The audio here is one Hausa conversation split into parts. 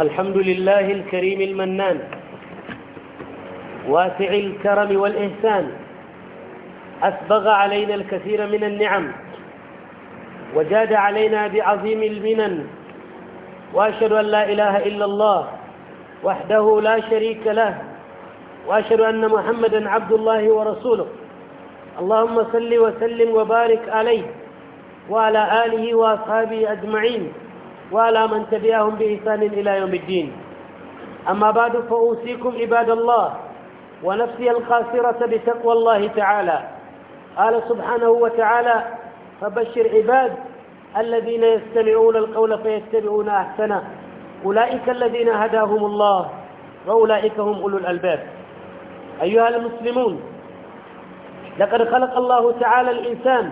الحمد لله الكريم المنان واسع الكرم والإحسان أسبغ علينا الكثير من النعم وجاد علينا بعظيم المنن وأشهد أن لا إله إلا الله وحده لا شريك له وأشهد أن محمدا عبد الله ورسوله اللهم صل وسلم وبارك عليه وعلى آله وأصحابه أجمعين وعلى من تبعهم بإحسان إلى يوم الدين أما بعد فأوصيكم عباد الله ونفسي الخاسرة بتقوى الله تعالى قال سبحانه وتعالى فبشر عباد الذين يستمعون القول فيتبعون أحسنه أولئك الذين هداهم الله وأولئك هم أولو الألباب أيها المسلمون لقد خلق الله تعالى الإنسان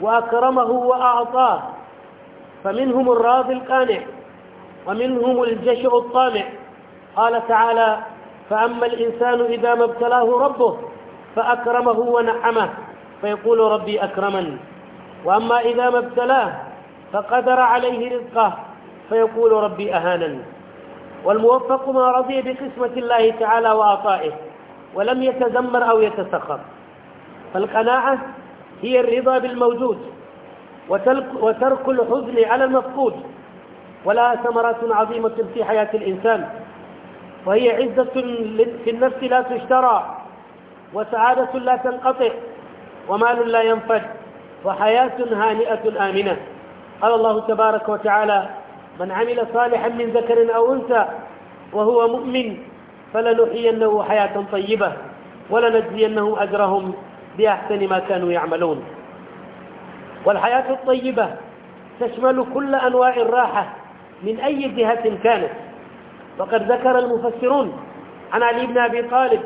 وأكرمه وأعطاه فمنهم الراضي القانع ومنهم الجشع الطامع قال تعالى فأما الإنسان إذا ما ابتلاه ربه فأكرمه ونعمه فيقول ربي أكرمن وأما إذا ما ابتلاه فقدر عليه رزقه فيقول ربي أهانن والموفق ما رضي بقسمة الله تعالى وعطائه ولم يتذمر أو يتسخر فالقناعة هي الرضا بالموجود وترك الحزن على المفقود ولها ثمرات عظيمة في حياة الإنسان وهي عزة في النفس لا تشترى وسعادة لا تنقطع ومال لا ينفد وحياة هانئة آمنة قال الله تبارك وتعالى من عمل صالحا من ذكر أو أنثى وهو مؤمن فلنحيينه حياة طيبة ولنجزينهم أجرهم بأحسن ما كانوا يعملون والحياة الطيبة تشمل كل أنواع الراحة من أي جهة كانت وقد ذكر المفسرون عن علي بن أبي طالب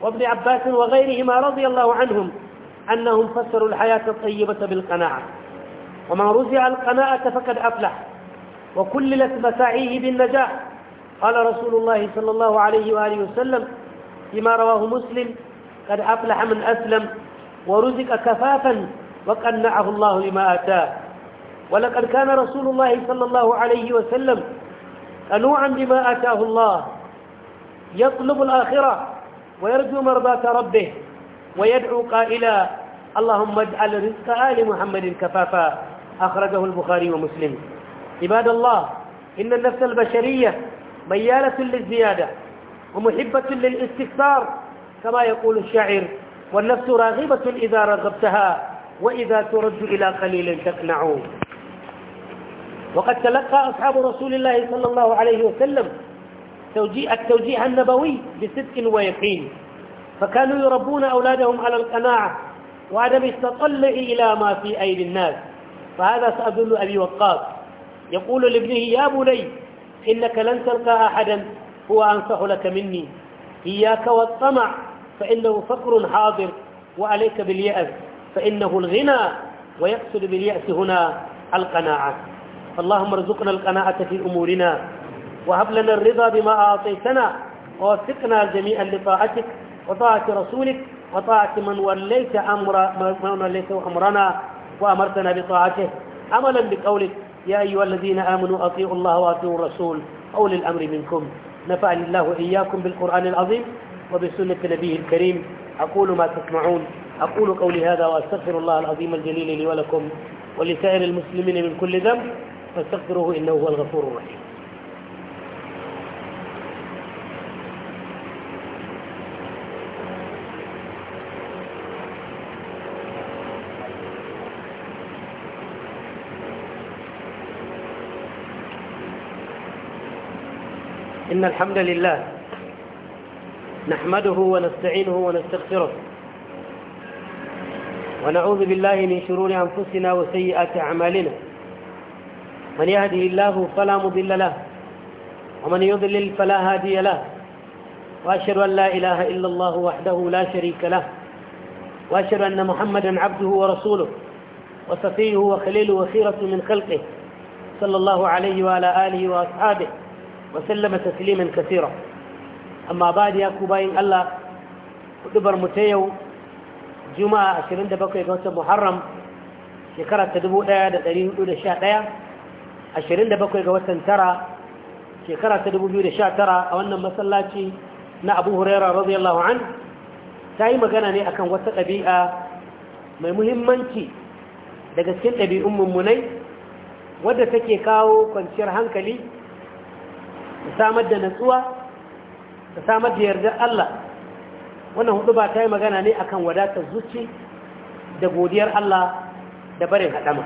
وابن عباس وغيرهما رضي الله عنهم أنهم فسروا الحياة الطيبة بالقناعة ومن رزع القناعة فقد أفلح وكللت مساعيه بالنجاح قال رسول الله صلى الله عليه وآله وسلم فيما رواه مسلم قد أفلح من أسلم ورزق كفافا وقنعه الله لما آتاه ولقد كان رسول الله صلى الله عليه وسلم قنوعا بما آتاه الله يطلب الآخرة ويرجو مرضاة ربه ويدعو قائلا اللهم اجعل رزق آل محمد كفافا أخرجه البخاري ومسلم عباد الله إن النفس البشرية ميالة للزيادة ومحبة للاستكثار كما يقول الشاعر والنفس راغبة إذا رغبتها وإذا ترد إلى قليل تقنعون وقد تلقى أصحاب رسول الله صلى الله عليه وسلم التوجيه النبوي بصدق ويقين فكانوا يربون أولادهم على القناعة وعدم التطلع إلى ما في أيدي الناس فهذا سأدل أبي وقاص يقول لابنه يا بني إنك لن تلقى أحدا هو أنصح لك مني إياك والطمع فإنه فقر حاضر وعليك باليأس فإنه الغنى ويقصد باليأس هنا القناعة اللهم ارزقنا القناعة في أمورنا وهب لنا الرضا بما أعطيتنا ووفقنا جميعا لطاعتك وطاعة رسولك وطاعة من وليت, أمر من وليت أمرنا وأمرتنا بطاعته عملا بقولك يا أيها الذين آمنوا أطيعوا الله وأطيعوا الرسول أولي الأمر منكم نفعني الله إياكم بالقرآن العظيم وبسنة نبيه الكريم أقول ما تسمعون أقول قولي هذا وأستغفر الله العظيم الجليل لي ولكم ولسائر المسلمين من كل ذنب فاستغفروه إنه هو الغفور الرحيم إن الحمد لله نحمده ونستعينه ونستغفره ونعوذ بالله من شرور أنفسنا وسيئات أعمالنا من يهده الله فلا مضل له ومن يضلل فلا هادي له وأشهد أن لا إله إلا الله وحده لا شريك له وأشهد أن محمدا عبده ورسوله وصفيه وخليله وخيرة من خلقه صلى الله عليه وعلى آله وأصحابه وسلم تسليما كثيرا أما بعد يا كوباين الله ودبر متيو juma'a ashirin da bakwai ga watan muharram shekara ta dubu ɗaya ɗaya da da ɗari sha ashirin da bakwai ga watan tara shekara ta dubu biyu da sha Tara a wannan masallaci na abu huraira radiyallahu an ta yi magana ne akan wata ɗabi'a mai muhimmanci daga cikin ɗabi'un mummunai wadda take kawo kwanciyar hankali da samar da natsuwa da samar da yardar Allah wannan hudu ba ta yi magana ne akan wadatar zuci da godiyar Allah da barin haɗama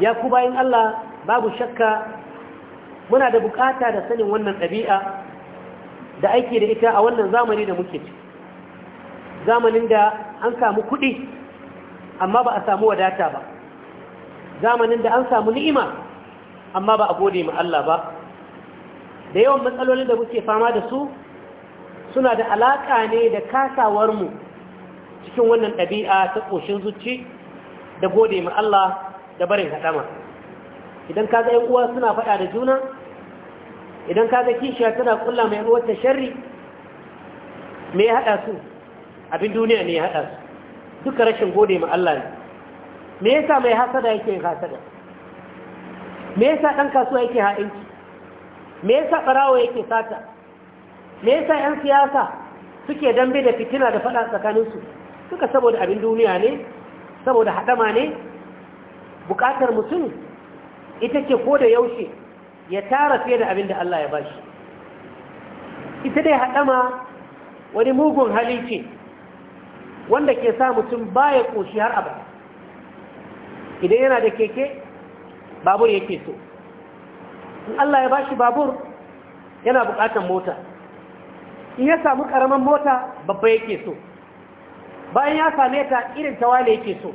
ya ku bayan Allah babu shakka muna da bukata da sanin wannan ɗabi'a da aiki da ita a wannan zamani da muke ci zamanin da an samu kuɗi amma ba a samu wadata ba zamanin da an samu ni'ima amma ba a gode ma Allah ba da yawan matsalolin da muke fama da su suna da alaƙa ne da kasawarmu cikin wannan ɗabi'a ta ƙoshin zuci da gode ma Allah da barin haɗama idan ka ga uwa suna faɗa da juna idan ka ga kishiya tana ƙulla mai wata sharri me ya haɗa su abin duniya ne ya haɗa su duka rashin gode ma Allah ne me yasa mai hasada yake yin hasada me yasa ɗan kasuwa yake ha'inci me yasa ɓarawa yake sata me yasa 'yan siyasa suke dambe da fitina da faɗa tsakaninsu suka saboda abin duniya ne saboda haɗama ne buƙatar mutum ita ce ko da yaushe ya tara fiye da abin da Allah ya bashi ita dai haɗama wani mugun hali ce wanda ke sa mutum baya ƙoshi har abada idan yana da keke babur yake so in Allah ya bashi babur yana buƙatar mota in ya samu karaman mota babba yake so bayan ya same ta irin tawale yake so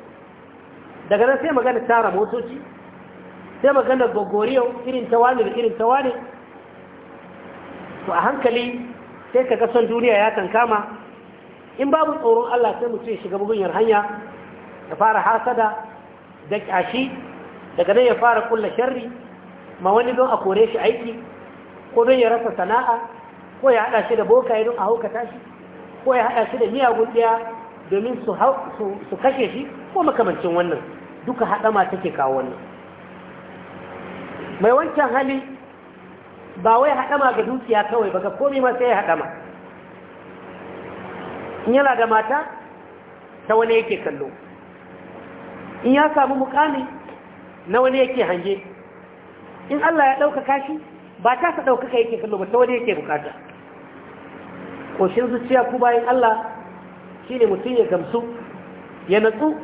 daga nan sai magana tara motoci sai magana gogoriyo irin tawale da irin tawale to a hankali sai ka son duniya ya kankama in babu tsoron Allah sai mutum ya shiga yar hanya ya fara hasada da kyashi daga nan ya fara kulla sharri ma wani don a kore shi aiki ko don ya rasa sana'a ko ya haɗa shi da bokaye don a haukata shi ko ya haɗa shi da miyagun ɗaya domin su kashe shi ko makamancin wannan duka haɗama take kawo wannan mai wancan hali ba wai haɗama ga dukiya kawai ba ga komi ma sai ya haɗama in yana da mata ta wani yake kallo in ya samu mukami na wani yake hange in Allah ya ɗaukaka shi ba ta sa ɗaukaka yake kallo ba ta wani yake bukata Koshin zuciya ku bayan Allah shi ne mutum ya gamsu ya natsu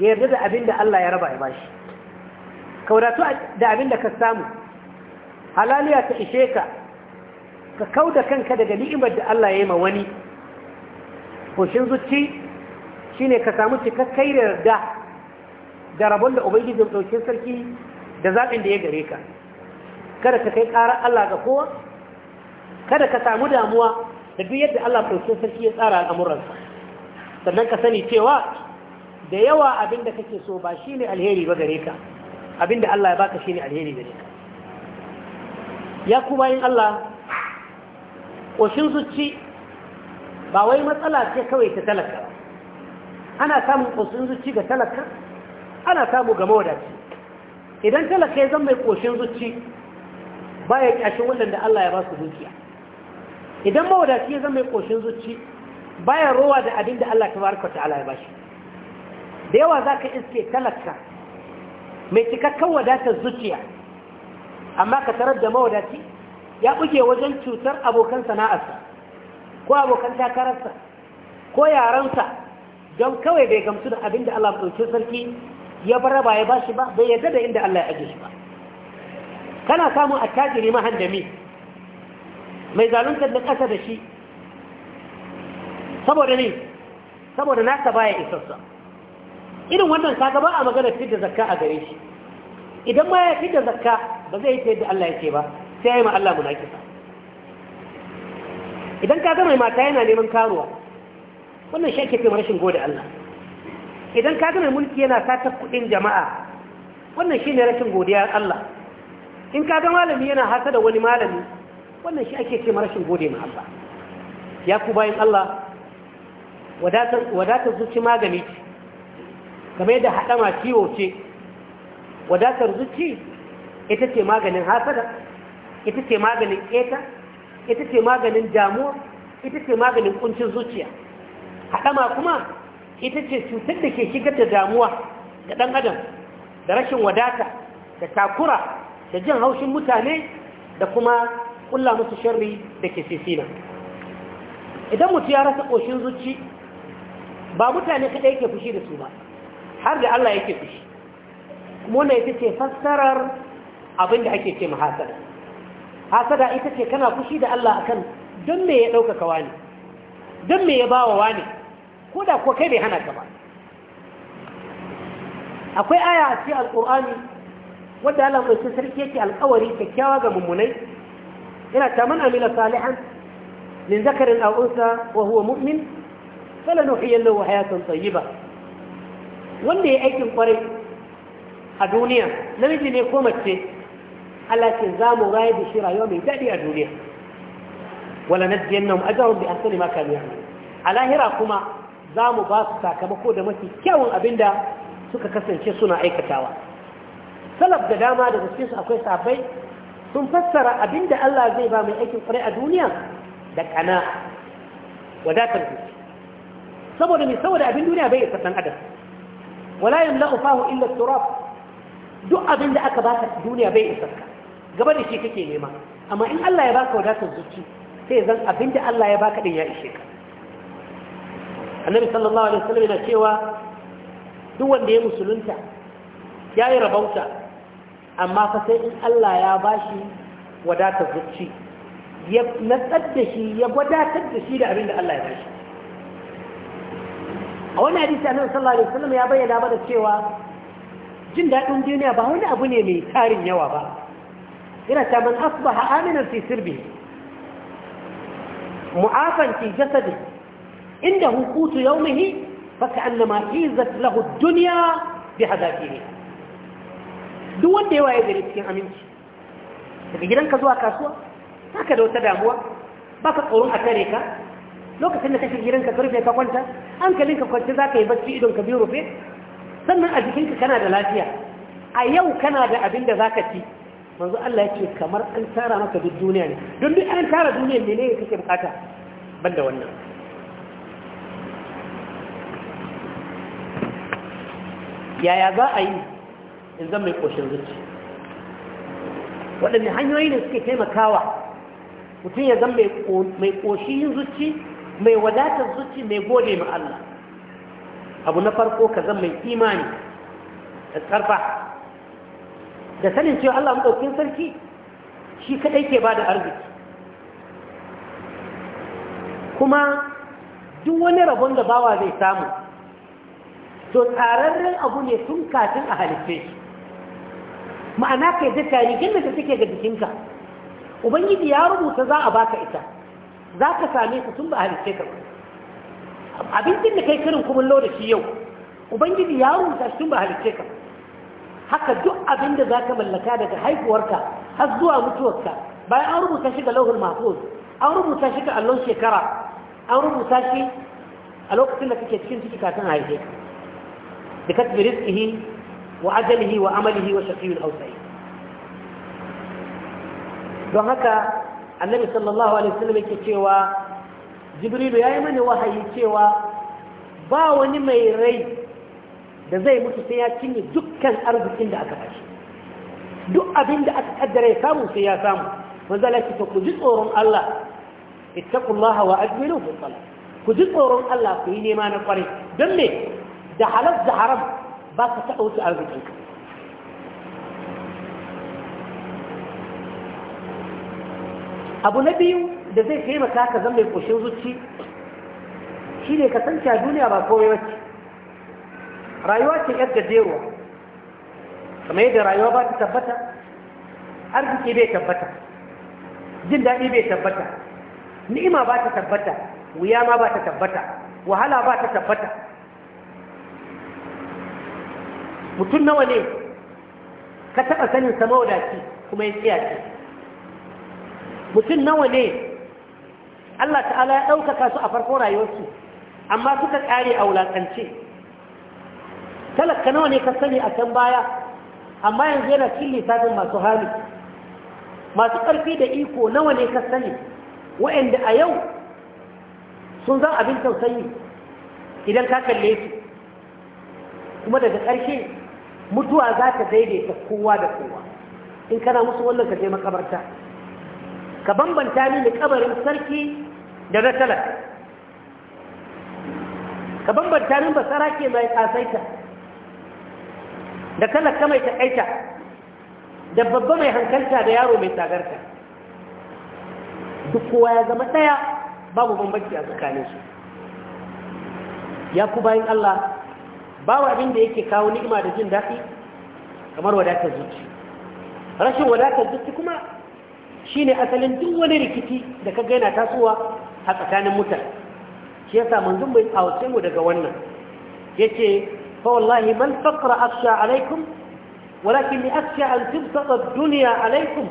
ya yarda da abin da Allah ya raba ya bashi wadatu da abin da ka samu halaliya ta ishe ka ka kau da kanka daga ni'imar da Allah ya yi ma wani Koshin zuci shi ne ka samu cikakkai da yarda da rabon da ubangijin ɗaukin sarki da zaɓin da ya gare ka kada ka kai ƙarar Allah ga kowa kada ka samu damuwa da duk yadda Allah sosai sarki ya tsara al'amuransa sannan ka sani cewa da yawa abin da kake so ba shi ne alheri ba gare ka abin da Allah ya baka shi ne alheri gare ka ya kuma yin Allah ƙoshin zuci ba wai matsala ce kawai ta talaka ana samun ƙoshin zuci ga talaka ana samu ga mawadaci idan talaka ya zama mai ƙoshin zuci ba ya ƙyashin waɗanda Allah ya ba su dukiya idan mawadaci ya zama koshin zuci bayan rowa da abin da Allah ta baraka ta'ala ya bashi da yawa za ka iske talaka mai cikakken wadatar zuciya amma ka tarar da mawadaci ya buge wajen cutar abokan sana'arsa ko abokan takararsa ko yaransa don kawai bai gamsu da abin da Allah ɗauki sarki ya bara ba ya bashi ba bai yadda da inda Allah ya ajiye shi ba kana samun attajiri mahandami mai zaluntar da ƙasa da shi saboda ne saboda nasa baya isarsa irin wannan kaga ba a magana fidda zakka a gare shi idan ma ya fidda zakka ba zai yi da Allah yake ba sai ya yi ma Allah munakisa idan ka mai mata yana neman karuwa wannan shi ake fi rashin gode Allah idan ka mai mulki yana satar kuɗin jama'a wannan shi ne rashin godiya Allah in ka malami yana hasa da wani malami wannan shi ake ce rashin gode ma Allah ya ku bayan Allah wadatar wadatar zuci magani ce kamar yadda hadama ciwo ce wadatar zuci ita ce maganin hasada ita ce maganin keta ita ce maganin damuwa ita ce maganin kuncin zuciya hadama kuma ita ce cutar da ke shigar da damuwa ga ɗan adam da rashin wadata da takura da jin haushin mutane da kuma kulla musu sharri da ke sisina idan mutu ya rasa ƙoshin zuci ba mutane kaɗai ke fushi da su ba har da Allah yake fushi muna ita ce fassarar abin da ake ce ma hasada hasada ita ce kana fushi da Allah akan don me ya ɗaukaka wani don me ya ba wa wani ko da kuwa kai bai hana ka ba akwai aya a cikin alƙur'ani wadda Allah mai sarki yake alƙawari kyakkyawa ga mummunai yana taman man amila salihan min zakarin aw wa huwa mu'min falanuhyiyannahu hayatan tayyiba wanda ya aikin kwarai a duniya namiji ne ko mace Allah ce za mu raye da shi rayuwa mai daɗi a duniya wala najjiyannahum ajrahum bi ahsani sani maka ya'malun a lahira kuma za mu ba su sakamako da mafi kyawun abinda suka kasance suna aikatawa salaf da dama daga cikinsu akwai sabai. sun fassara abinda Allah zai ba mai aikin kwarai a duniya da kana wadatar zuci saboda mai saboda abin duniya bai isa san adam wala yamla'u fahu illa turab duk abin da aka baka duniya bai isa ka gaba da shi kake nema amma in Allah ya baka wadatar zuci sai zan abin da Allah ya baka din ya ishe ka annabi sallallahu alaihi wasallam yana cewa duk wanda ya musulunta yayi rabauta amma fa sai in Allah ya bashi wadatar zuci ya natsar da shi ya wadatar da shi da abin da Allah ya shi. a wani hadisi annabi sallallahu alaihi wasallam ya bayyana ba da cewa jin daɗin duniya ba wani abu ne mai tarin yawa ba yana ta man asbaha aminan fi sirbi mu'afan fi jasadi inda hukutu yaumihi fa ka'annama izat lahu ad-dunya bi hadafihi duk wanda yawa ya gari cikin aminci daga gidanka zuwa kasuwa ka da wata damuwa ba ka tsoron a tare ka lokacin da kake gidanka ka rufe ka kwanta hankalinka kwanci za ka yi bacci idon ka biyu rufe sannan a jikinka kana da lafiya a yau kana da abin da za ka ci manzo Allah ya ce kamar an tara maka duk duniya ne don duk an tara duniyar ne ne kake bukata da wannan yaya za a yi in zan mai koshin zuci waɗanne hanyoyi ne suke taimakawa mutum ya zan mai koshin zuci mai wadatar zuci mai gode ma Allah abu na farko ka zan mai imani da tsarfa da sanin cewa Allah maɗaukin sarki shi kaɗai ke ba da arziki kuma duk wani rabon da bawa zai samu to tsararren abu ne tun katin a halittai shi ma'ana ka tattari gina da take ga jikinka ubangiji ya rubuta za a baka ita za ka same ku tun ba halitta ka abincin da kai karin kumallo da shi yau ubangiji ya rubuta shi tun ba halitta ka haka duk abin da za ka mallaka daga haihuwarka har zuwa mutuwarka bayan an rubuta shi ga lauhul mahfuz an rubuta shi ga allon shekara an rubuta shi a lokacin da kake cikin ciki kafin haife ka da kasbi rizqihi wa ajalihi wa amalihi wa don haka annabi sallallahu alaihi wasallam yake cewa jibrilu yi mani wahayi cewa ba wani mai rai da zai mutu sai ya cinye dukkan arzikin da aka bashi duk abin da aka kaddara ya samu sai ya samu manzo laki to ku ji tsoron Allah ittaqullaha wa ajmilu fi salat ku ji tsoron Allah ku yi nema na kware don me da halal da haram ba ka taɓa wuce arzikin ka abu na biyu da zai taimaka ka zama mai ƙoshin zuci shi ne ka sanci a duniya ba komai wacce rayuwa ce yar gajeruwa kamar yadda rayuwa ba ta tabbata arziki bai tabbata jin daɗi bai tabbata ni'ima ba ta tabbata wuya ma ba ta tabbata wahala ba ta tabbata mutum nawa ne ka taɓa sanin sa kuma ya ce mutum nawa ne Allah ta'ala ya ɗaukaka su a farko rayuwarsu amma suka ƙare a wulaƙance talaka nawa ne ka sani a can baya amma yanzu yana cin lissafin masu hali masu ƙarfi da iko nawa ne ka sani waɗanda a yau sun zan abin tausayi idan ka kalle su kuma daga ƙarshe mutuwa za ta daidaita kowa da kowa in kana musu wannan ka je makabarta ka bambanta mini kabarin sarki da na talaka ka bambanta mini ba sarake mai kasaita da ka mai takaita da babba mai hankalta da yaro mai tsagarta duk kowa ya zama ɗaya babu bambanci a tsakaninsu ya ku bayan Allah babu abin da yake kawo ni'ima da jin daɗi kamar wadatar zuci rashin wadatar zuci kuma shine asalin duk wani rikici da ka gaina tasowa a tsakanin mutane shi yasa manzon bai tsawace mu daga wannan ce, fa wallahi man faqra akhsha alaikum walakin li akhsha an tubsata ad-dunya alaikum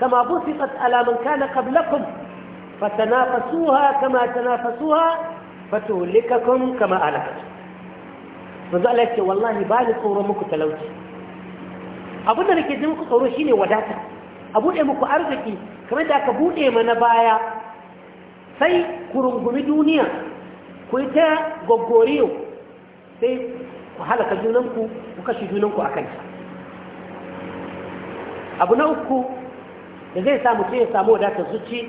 كما بسطت على من كان قبلكم فتنافسوها كما تنافسوها فتهلككم كما أهلكتم manzo Allah ya wallahi ba ni tsoro muku talauci abin da nake ji muku tsoro shine wadata a buɗe muku arziki kamar da aka buɗe mana baya sai ku rungumi duniya ku yi ta yau, sai ku halaka junanku ku kashe junanku a kanta abu na uku da zai samu sai ya samu wadatar zuci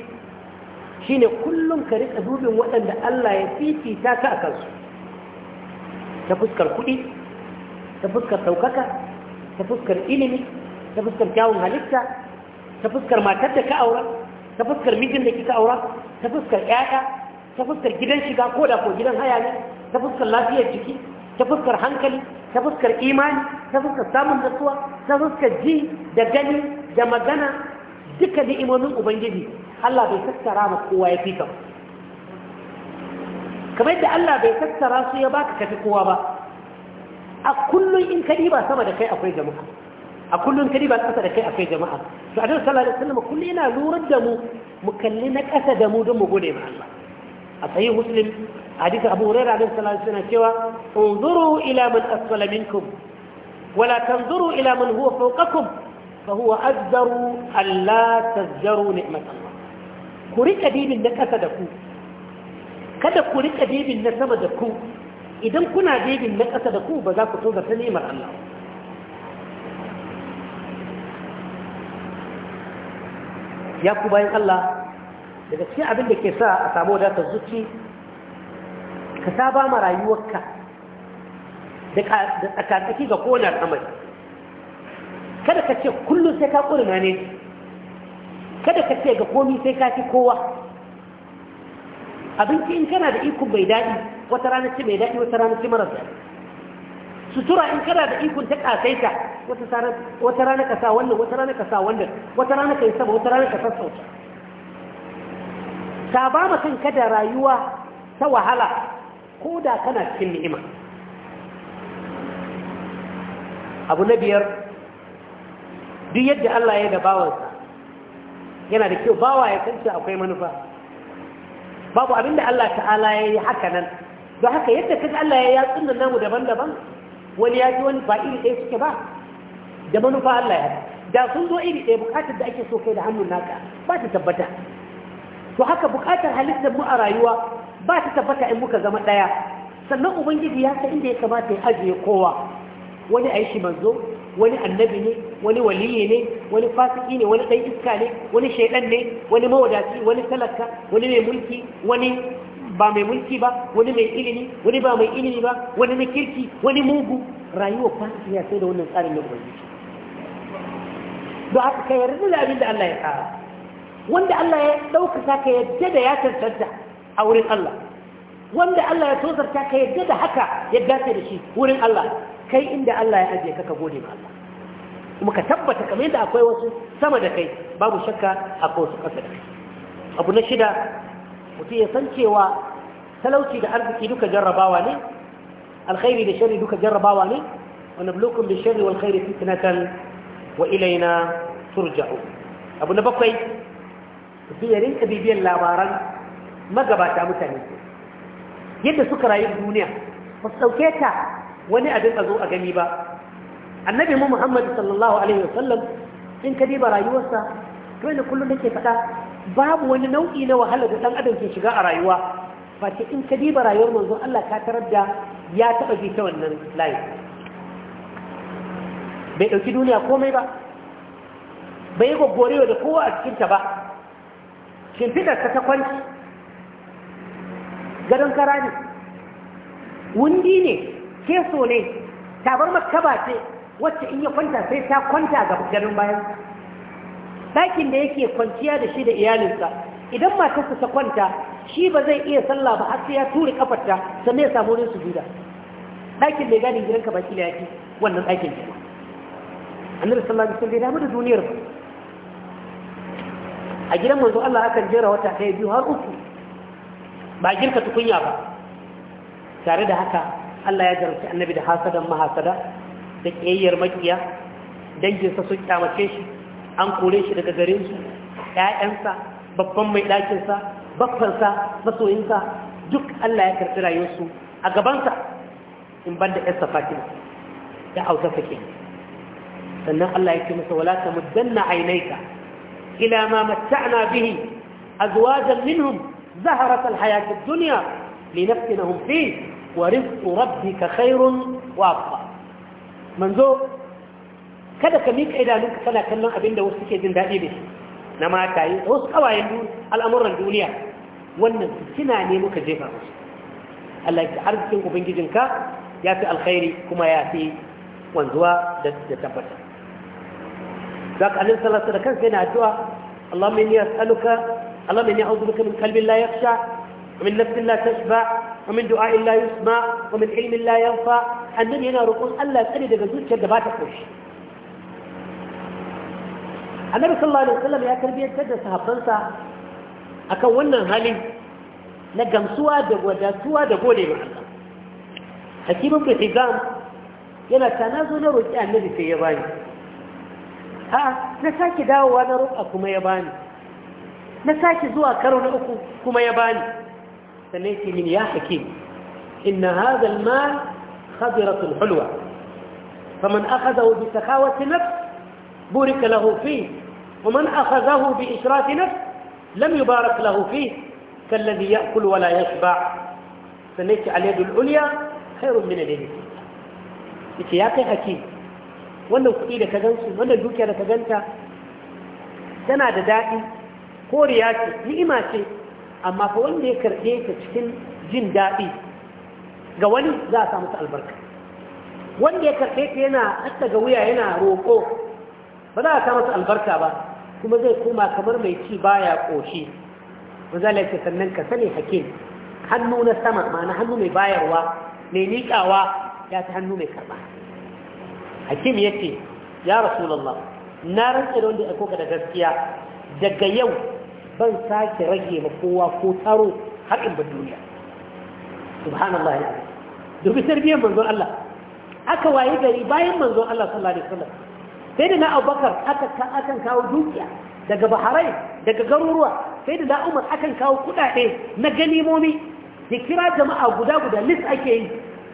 shine kullum ka riƙa dubin waɗanda Allah ya fifita ka a kansu ta fuskar kuɗi ta fuskar saukaka ta fuskar ilimi ta fuskar kyawun halitta ta fuskar matar da ka aura ta fuskar mijin da kika aura ta fuskar ƴaƴa ta fuskar gidan shiga ko da ko gidan haya ne ta fuskar lafiyar jiki ta fuskar hankali ta fuskar imani ta fuskar samun nutsuwa ta fuskar ji da gani da magana duka ni'imomin ubangiji Allah bai tattara ma kowa ya fi fita kamar yadda Allah bai tattara su ya baka kafi kowa ba a kullun in kadi sama da kai akwai jama'a a kullun kadi ba kasa da kai akwai jama'a to a sallallahu alaihi wasallam kullun yana lurar da mu mu kalli na kasa da mu don mu gode ma Allah a sahih muslim hadisi Abu Hurairah alaihi sallallahu alaihi cewa unzuru ila man asfala minkum wala tanzuru ila man huwa fawqakum fa huwa azdaru alla tazjaru ku rika dinin na kasa da ku kada ku rika bibin na sama da ku idan kuna bibin na ƙasa da ku ba za ku so ta nemar Allah ya ku bayan Allah daga cikin abin da ke sa a samu wadata zuci ka ba ma rayuwarka da tsakatsaki ga kowane al'amari kada ka ce kullum sai ka na ne kada ka ce ga komi sai ka fi kowa abinci in kana da ikon bai daɗi wata rana ce mai daɗi wata rana ce marasa sutura in kana da ikon ta ta wata rana ka sa wannan wata rana ka sa wannan wata rana ka yi sama wata rana ka sassauta ka ba ma kanka da rayuwa ta wahala ko da kana cikin ni'ima abu na biyar duk yadda Allah ya da bawansa yana da kyau bawa ya kanta akwai manufa babu abinda Allah ta'ala ya yi haka nan don haka yadda kaga Allah ya yatsun nan namu daban-daban wani ya ji wani ba iri ɗaya suke ba da manufa Allah ya da sun zo iri ɗaya bukatar da ake so kai da hannun naka ba ta tabbata to haka bukatar halittar mu a rayuwa ba ta tabbata in muka zama ɗaya sannan ubangiji ya san inda ya kamata ya ajiye kowa wani a manzo wani annabi ne wani waliyi ne wani fasiki ne wani ɗan iska ne wani shaidan ne wani mawadaci wani talaka wani mai mulki wani ba mai mulki ba wani mai ilimi wani ba mai ilimi ba wani mai kirki wani mugu Rayuwa, fasiki ya sai da wannan tsarin na ubangiji don haka ka yarda da abin da Allah ya tsara wanda Allah ya ɗaukaka ka yarda da ya tantanta a wurin Allah wanda Allah ya tozarta ka yarda da haka ya dace da shi wurin Allah kai inda Allah ya ajiye ka ka gode ma Allah kuma ka tabbata kamar yadda akwai wasu sama da kai babu shakka akwai wasu ƙasa da kai abu na shida mutum ya san cewa talauci da arziki duka jarrabawa ne alkhairi da shari duka jarrabawa ne wani bulukun da shari wal khairi fitnatan wa ilaina turja'u abu na bakwai mutum ya rinka bibiyan labaran magabata mutane yadda suka rayu duniya ba su ɗauke ta wani abin a zo a gani ba annabi mu Muhammad sallallahu alaihi wasallam in ka diba rayuwarsa to ne kullum nake faɗa babu wani nau'i na wahala da dan adam ke shiga a rayuwa face in ka diba rayuwar manzon Allah ka tarar da ya taɓa bi ta wannan layi bai ɗauki duniya komai ba bai yi gwaggwarewa da kowa a cikinta ba shimfidar ka ta kwanci gadon kara ne wundi ne keso ne tabar makaba ce wacce in ya kwanta sai ta kwanta ga garin bayan ɗakin da yake kwanciya da shi da iyalinsa idan matarsa ta kwanta shi ba zai iya sallah ba har sai ya tura kafarta sannan ya samu wurin sujuda ɗakin mai gadin gidanka baki da yake wannan ɗakin ke annabi sallallahu alaihi wasallam bai damu da duniyar ba a gidan manzo Allah akan jera wata ɗaya biyu har uku ba girka tukunya ba tare da haka Allah ya jarumci annabi da hasadan mahasada da ƙiyayyar makiya danginsa sun kyamace shi an kore shi daga garinsu ‘ya'yansa babban mai ɗakinsa babbansa masoyinsa duk Allah ya karɓi rayuwarsu a gabansa in ban da ‘yarsa fatima ya auta fake sannan Allah ya ce masa wala ta muddanna ainaika ila ma matta'na bihi azwajan minhum زهرة الحياة الدنيا لنفتنهم فيه ورزق ربك خير وأبقى manzo kada ka miƙa idanunka kana kallon abinda wasu suke jin daɗi da shi na mata da wasu ƙawayen al'amuran duniya wannan fitina ne muka jefa musu Allah ya arzikin ubangijinka ya fi alkhairi kuma ya fi wanzuwa da tabbata za ka alin salatu da kansa yana addu'a Allah mai ni as'aluka Allahumma inni ni a'udhu bika min qalbin la yakhsha ومن نفس لا تشبع ومن دعاء لا يسمع ومن علم لا ينفع annabi yana roƙon Allah ya tsare daga zuciyar da ba ta koshi annabi sallallahu alaihi wasallam ya tarbiyyantar da sahabbansa akan wannan halin na gamsuwa da wadatuwa da gode ma Allah hakimin bin higam yana ta na zo na roƙi annabi sai ya bani a'a na sake dawowa na roƙa kuma ya bani na sake zuwa karo na uku kuma ya bani sannan yake min ya hakim inna hadha al-mal خضرة حلوة فمن أخذه بسخاوة نفس بورك له فيه ومن أخذه بإشراف نفس لم يبارك له فيه كالذي يأكل ولا يشبع فنيك على يد العليا خير من اليد في ياكي حكي ولو وكتيلة كذنس ولو الدوكي على كذنس كان دائم كورياتي لإماتي أما فوالي يكرتيك تشكين جن دائم ga wani za a samu albarka wanda ya karfe ka yana hatta ga wuya yana roƙo ba za a samu ta albarka ba kuma zai koma kamar mai ci baya ƙoshi misali sannan ka sani hakim hannu na sama ma'ana hannu mai bayarwa mai nikawa ya ta hannu mai karɓa hakim ya ce ya rasulallah na rantsa da wanda ya koka da gaskiya daga yau ban sake rage ma kowa ko taro har in ba duniya subhanallah dubi tarbiyyar manzon Allah aka waye gari bayan manzon Allah sallallahu alaihi sai da na Abubakar akan kawo dukiya daga Bahrain daga garuruwa sai da na Umar akan kawo kudade na ganimomi da kira jama'a guda guda lis ake yi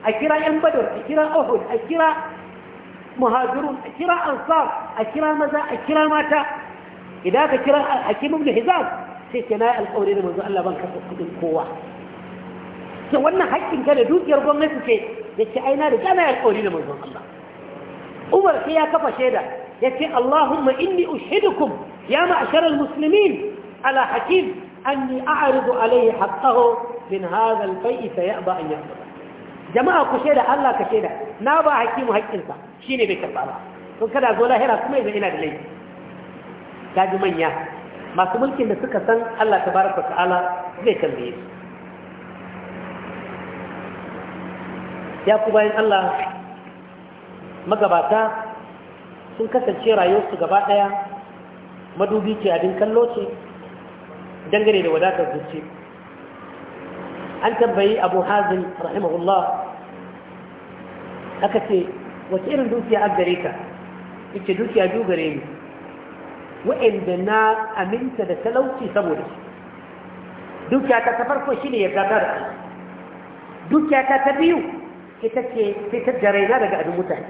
a kira yan badar a kira Uhud a kira muhajirun a kira ansar a kira maza a kira mata idan ka kira hakim ibn hizab sai ke na alƙawari da manzon Allah ban kasa kudin kowa ce wannan haƙƙin ka da dukiyar gwamnati ce ya ce aina da gana ya kori da manzon Allah Umar sai ya kafa shaida ya ce Allahumma inni ushidukum ya ma'ashar al-muslimin ala hakim anni a'ridu alayhi haqqahu min hadha al-fai fa ya'ba an ya'ba jama'a ku shaida Allah ka shaida na ba hakimu haƙƙinsa shine bai karba ba kun kada zo lahira kuma idan ina da laifi kaji manya masu mulkin da suka san Allah tabaraka ta'ala zai tambaye su ya ku bayan Allah magabata sun kasance rayuwarsu gaba ɗaya madubi ce abin kallo ce dangane da wadatar zuci an tambayi abu hazin rahimahullah aka ce wace irin dukiya an gare ka ita dukiya biyu gare ni wa'inda na aminta da talauci saboda su dukiya ta ta farko shi ne ya gata da dukiya ta ta biyu ce sai ta jaraina daga abin mutane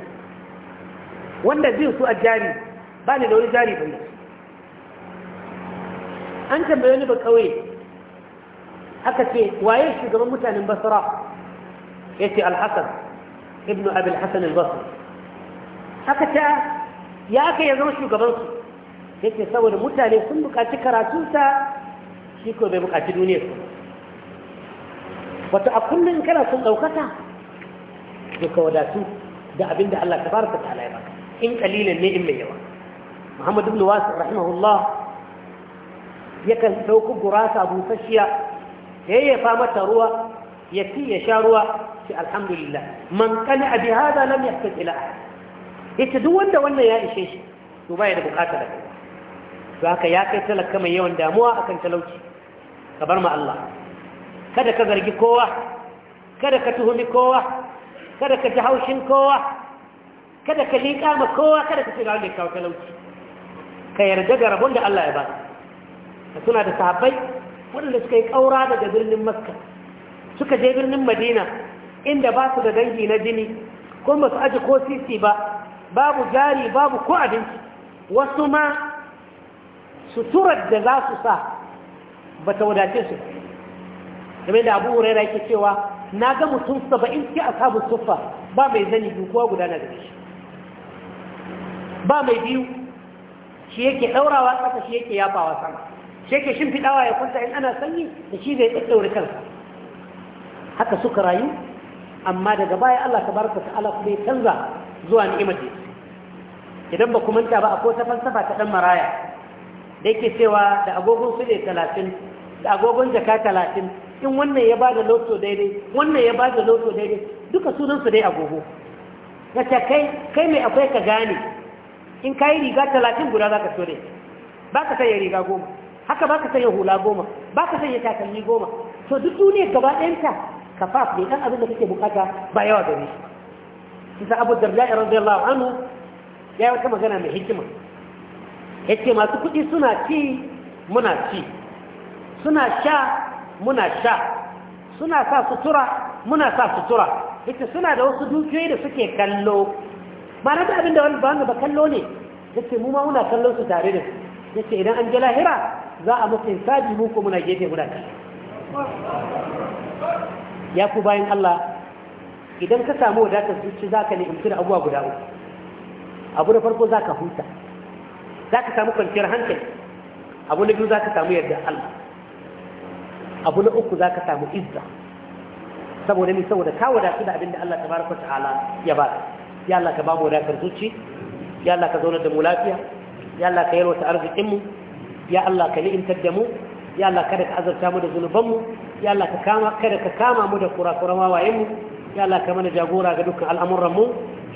wanda zai su a jari ba ni da wani jari bai an tambaye wani ba kawai aka ce waye shugaban mutanen basra ya ce alhassan ibn abil hassan albasra aka ce ya aka yi zama shugabansu ya ce saboda mutane sun bukaci karatunsa shi ko bai bukaci duniyarsu wata a kullum kana sun ɗaukata to wadatu da abin da Allah ta ta'ala ya in kalilin ne in mai yawa Muhammad ibn Wasir rahimahullah yakan dauki gurasa busasshiya yayyafa mata ruwa ya fi ya sha ruwa ce alhamdulillah man kana abi hada lam yahtaj ila ahad duk wanda wannan ya ishe shi to baya da bukata da kai to haka ya kai talaka mai yawan damuwa akan talauci ka bar ma Allah kada ka zargi kowa kada ka tuhumi kowa kada ka ji haushin kowa kada ka liƙa ma kowa kada ka ce ga wanda ya talauci ka yarda da rabon da Allah ya ba ka suna da sahabbai waɗanda suka yi ƙaura daga birnin makka suka je birnin madina inda ba su da dangi na jini ko masu aji ko sisi ba babu jari babu ko abinci wasu ma suturar da za su sa ba ta wadace su game da abu huraira yake cewa na ga mutum saba'in ke a sabon tuffa ba mai zani biyu kuwa guda da shi ba mai biyu shi yake ɗaurawa ƙasa shi yake yafawa sama shi yake fiɗawa ya kwanta in ana sanyi da shi zai ɗaɗɗaure kansa haka suka rayu amma daga baya Allah ta baraka ta ala kuma canza zuwa ni'imar idan ba ku manta ba a ta fansafa ta ɗan maraya da yake cewa da agogon su ne talatin da agogon jaka talatin in wannan ya ba loto daidai wannan ya bada loto daidai duka sunansu dai agogo na ce kai kai mai akwai ka gane in ka yi riga talatin guda za ka so dai ba ka sanya riga goma haka ba ka sanya hula goma ba ka sanya takalmi goma to duk duniyar gaba ɗayanta ka ne kan abin da kake bukata ba yawa gare shi isa abu darda radiyallahu Anu ya yi wata magana mai hikima ya ce masu kuɗi suna ci muna ci suna sha muna sha suna sa sutura muna sa sutura ita suna da wasu dukiyoyi da suke kallo ba na abin da wani ba kallo ne yace mu ma muna kallon su tare da su yace idan an ji lahira za a musu hisabi mu ko muna gefe guda ya ku bayan Allah idan ka samu wadatar zuci za ka ni'imci da abuwa guda uku abu da farko za ka huta za ka samu kwanciyar hankali abu na biyu za ka samu yarda Allah abu na uku za ka samu izza saboda ni saboda ka wadatu da abinda Allah tabaraka ta'ala ya ba ya Allah ka ba mu wadatar zuci ya Allah ka zauna da mu lafiya ya Allah ka yalwata arzikin mu ya Allah ka ni'imtar da mu ya Allah kada ka azabta mu da zunuban mu ya Allah ka kama kada ka kama mu da kurakuran wawayen mu ya Allah ka mana jagora ga dukkan al'amuran mu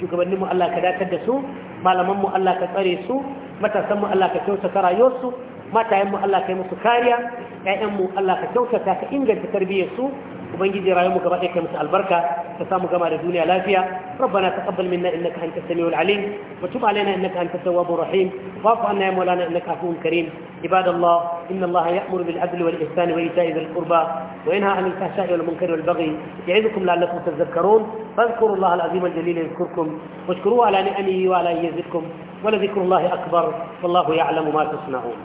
shugabannin mu Allah ka dakatar da su malaman mu Allah ka tsare su matasan mu Allah ka kyautata rayuwarsu mata yan mu Allah kai musu kariya ƴaƴan mu Allah ka kyautata ka inganta tarbiyyar su ubangiji rayuwar mu gaba ɗaya kai ربنا تقبل منا انك انت السميع العليم وتب علينا انك انت التواب الرحيم واعف عنا يا مولانا انك عفو كريم عباد الله ان الله يامر بالعدل والاحسان وايتاء ذي القربى وينهى عن الفحشاء والمنكر والبغي يعظكم لعلكم تذكرون فاذكروا الله العظيم الجليل يذكركم واشكروه على نعمه وعلى ان يزدكم ولذكر الله اكبر والله يعلم ما تصنعون